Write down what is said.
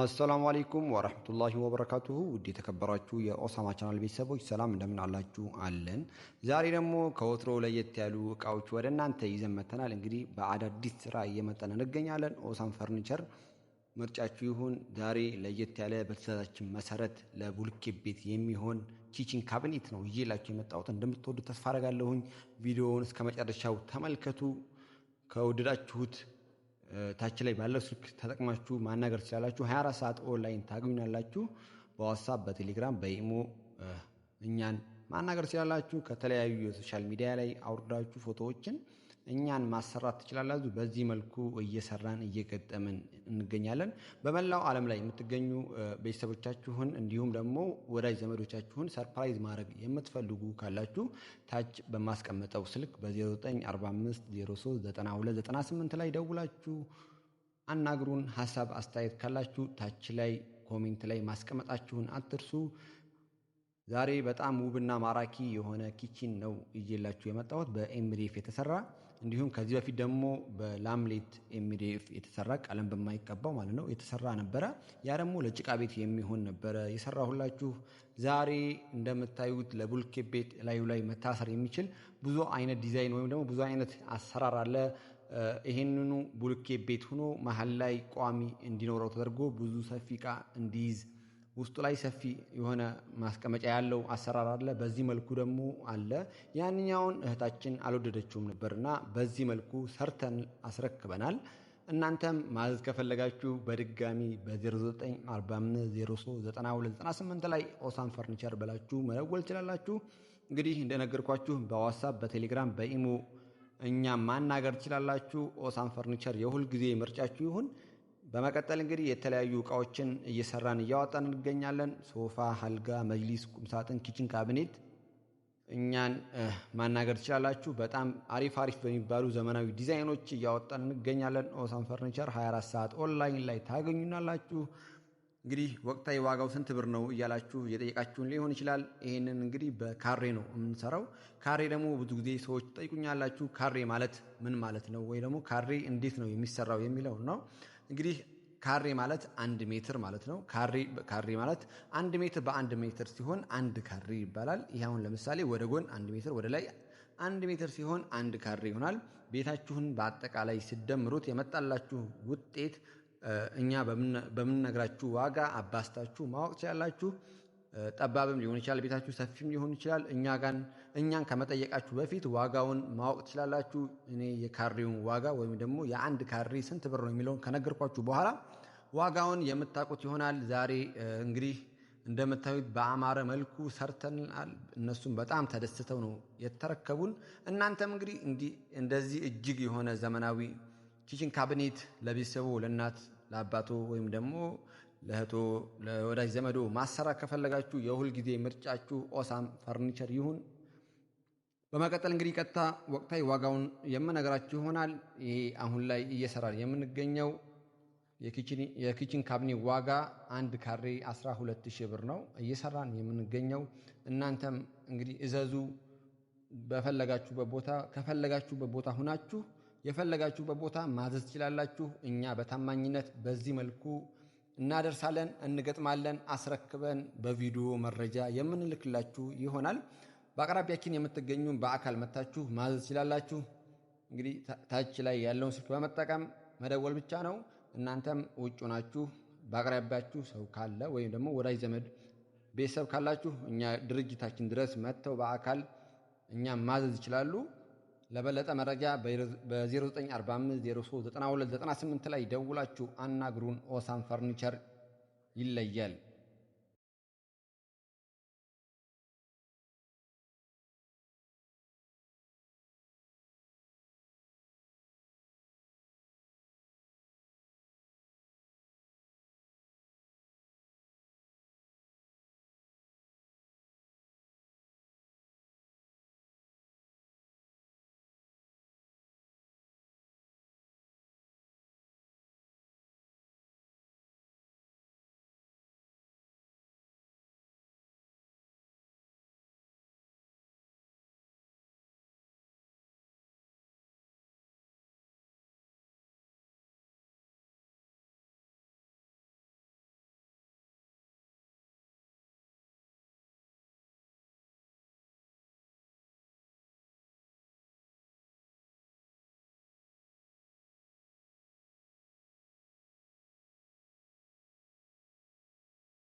አሰላሙ አሌይኩም ወረህመቱላሂ ወበረካቱሁ ውድ የተከበራችሁ የኦሳማ ቻናል ቤተሰቦች ሰላም እንደምን አላችሁ? አለን። ዛሬ ደግሞ ከወትሮ ለየት ያሉ እቃዎች ወደ እናንተ ይዘን መተናል። እንግዲህ በአዳዲስ ስራ እየመጠን እንገኛለን። ኦሳም ፈርኒቸር ምርጫችሁ ይሁን። ዛሬ ለየት ያለ በትዕዛዛችን መሰረት ለቡልኬ ቤት የሚሆን ኪችን ካቢኔት ነው ይዤላችሁ የመጣሁት። እንደምትወዱ ተስፋ አረጋለሁኝ። ቪዲዮውን እስከ መጨረሻው ተመልከቱ። ከወደዳችሁት ታች ላይ ባለው ስልክ ተጠቅማችሁ ማናገር ትችላላችሁ። 24 ሰዓት ኦንላይን ታገኙናላችሁ። በዋትሳፕ፣ በቴሌግራም፣ በኢሞ እኛን ማናገር ትችላላችሁ። ከተለያዩ የሶሻል ሚዲያ ላይ አውርዳችሁ ፎቶዎችን እኛን ማሰራት ትችላላችሁ። በዚህ መልኩ እየሰራን እየገጠምን እንገኛለን። በመላው ዓለም ላይ የምትገኙ ቤተሰቦቻችሁን እንዲሁም ደግሞ ወዳጅ ዘመዶቻችሁን ሰርፕራይዝ ማድረግ የምትፈልጉ ካላችሁ ታች በማስቀመጠው ስልክ በ0945 039298 ላይ ደውላችሁ አናግሩን። ሀሳብ አስተያየት ካላችሁ ታች ላይ ኮሜንት ላይ ማስቀመጣችሁን አትርሱ። ዛሬ በጣም ውብና ማራኪ የሆነ ኪችን ነው እየላችሁ የመጣሁት በኤምዲኤፍ የተሰራ እንዲሁም ከዚህ በፊት ደግሞ በላምሌት ኤምዲኤፍ የተሰራ ቀለም በማይቀባው ማለት ነው የተሰራ ነበረ። ያ ደግሞ ለጭቃ ቤት የሚሆን ነበረ የሰራሁላችሁ። ዛሬ እንደምታዩት ለቡልኬት ቤት ላዩ ላይ መታሰር የሚችል ብዙ አይነት ዲዛይን ወይም ደግሞ ብዙ አይነት አሰራር አለ። ይህንኑ ቡልኬ ቤት ሆኖ መሀል ላይ ቋሚ እንዲኖረው ተደርጎ ብዙ ሰፊ እንዲይዝ ውስጡ ላይ ሰፊ የሆነ ማስቀመጫ ያለው አሰራር አለ። በዚህ መልኩ ደግሞ አለ። ያንኛውን እህታችን አልወደደችውም ነበርና በዚህ መልኩ ሰርተን አስረክበናል። እናንተም ማዘዝ ከፈለጋችሁ በድጋሚ በ0945 ላይ ኦሳን ፈርኒቸር ብላችሁ መደወል ትችላላችሁ። እንግዲህ እንደነገርኳችሁ በዋትሳፕ፣ በቴሌግራም፣ በኢሞ እኛ ማናገር ትችላላችሁ። ኦሳን ፈርኒቸር የሁል ጊዜ ምርጫችሁ ይሁን። በመቀጠል እንግዲህ የተለያዩ እቃዎችን እየሰራን እያወጣን እንገኛለን። ሶፋ፣ አልጋ፣ መጅሊስ፣ ቁምሳጥን፣ ኪችን ካቢኔት እኛን ማናገር ትችላላችሁ። በጣም አሪፍ አሪፍ በሚባሉ ዘመናዊ ዲዛይኖች እያወጣን እንገኛለን። ኦሳን ፈርኒቸር 24 ሰዓት ኦንላይን ላይ ታገኙናላችሁ። እንግዲህ ወቅታዊ ዋጋው ስንት ብር ነው እያላችሁ እየጠየቃችሁን ሊሆን ይችላል። ይህንን እንግዲህ በካሬ ነው የምንሰራው። ካሬ ደግሞ ብዙ ጊዜ ሰዎች ጠይቁኛላችሁ። ካሬ ማለት ምን ማለት ነው? ወይ ደግሞ ካሬ እንዴት ነው የሚሰራው የሚለውን ነው እንግዲህ ካሬ ማለት አንድ ሜትር ማለት ነው። ካሬ ማለት አንድ ሜትር በአንድ ሜትር ሲሆን አንድ ካሬ ይባላል። ይህ አሁን ለምሳሌ ወደ ጎን አንድ ሜትር ወደ ላይ አንድ ሜትር ሲሆን አንድ ካሬ ይሆናል። ቤታችሁን በአጠቃላይ ሲደምሩት የመጣላችሁ ውጤት እኛ በምንነግራችሁ ዋጋ አባስታችሁ ማወቅ ትችላላችሁ። ጠባብም ሊሆን ይችላል፣ ቤታችሁ ሰፊም ሊሆን ይችላል። እኛ ጋን እኛን ከመጠየቃችሁ በፊት ዋጋውን ማወቅ ትችላላችሁ። እኔ የካሬውን ዋጋ ወይም ደግሞ የአንድ ካሬ ስንት ብር ነው የሚለውን ከነገርኳችሁ በኋላ ዋጋውን የምታውቁት ይሆናል። ዛሬ እንግዲህ እንደምታዩት በአማረ መልኩ ሰርተናል። እነሱም በጣም ተደስተው ነው የተረከቡን። እናንተም እንግዲህ እንዲህ እንደዚህ እጅግ የሆነ ዘመናዊ ኪችን ካቢኔት ለቤተሰቡ ለእናት ለአባቶ ወይም ደግሞ ለእህቶ ለወዳጅ ዘመዶ ማሰራት ከፈለጋችሁ የሁል ጊዜ ምርጫችሁ ኦሳም ፈርኒቸር ይሁን። በመቀጠል እንግዲህ ቀጥታ ወቅታዊ ዋጋውን የምነግራችሁ ይሆናል። ይሄ አሁን ላይ እየሰራን የምንገኘው የኪችን ካብኔ ዋጋ አንድ ካሬ 12 ሺህ ብር ነው እየሰራን የምንገኘው። እናንተም እንግዲህ እዘዙ በፈለጋችሁበት ቦታ ከፈለጋችሁበት ቦታ ሁናችሁ የፈለጋችሁበት ቦታ ማዘዝ ትችላላችሁ። እኛ በታማኝነት በዚህ መልኩ እናደርሳለን፣ እንገጥማለን። አስረክበን በቪዲዮ መረጃ የምንልክላችሁ ይሆናል። በአቅራቢያችን የምትገኙ በአካል መታችሁ ማዘዝ ትችላላችሁ። እንግዲህ ታች ላይ ያለውን ስልክ በመጠቀም መደወል ብቻ ነው። እናንተም ውጭ ናችሁ በአቅራቢያችሁ ሰው ካለ ወይም ደግሞ ወዳጅ ዘመድ፣ ቤተሰብ ካላችሁ እኛ ድርጅታችን ድረስ መጥተው በአካል እኛ ማዘዝ ይችላሉ። ለበለጠ መረጃ በ0945 ላይ ደውላችሁ አናግሩን። ኦሳን ፈርኒቸር ይለያል።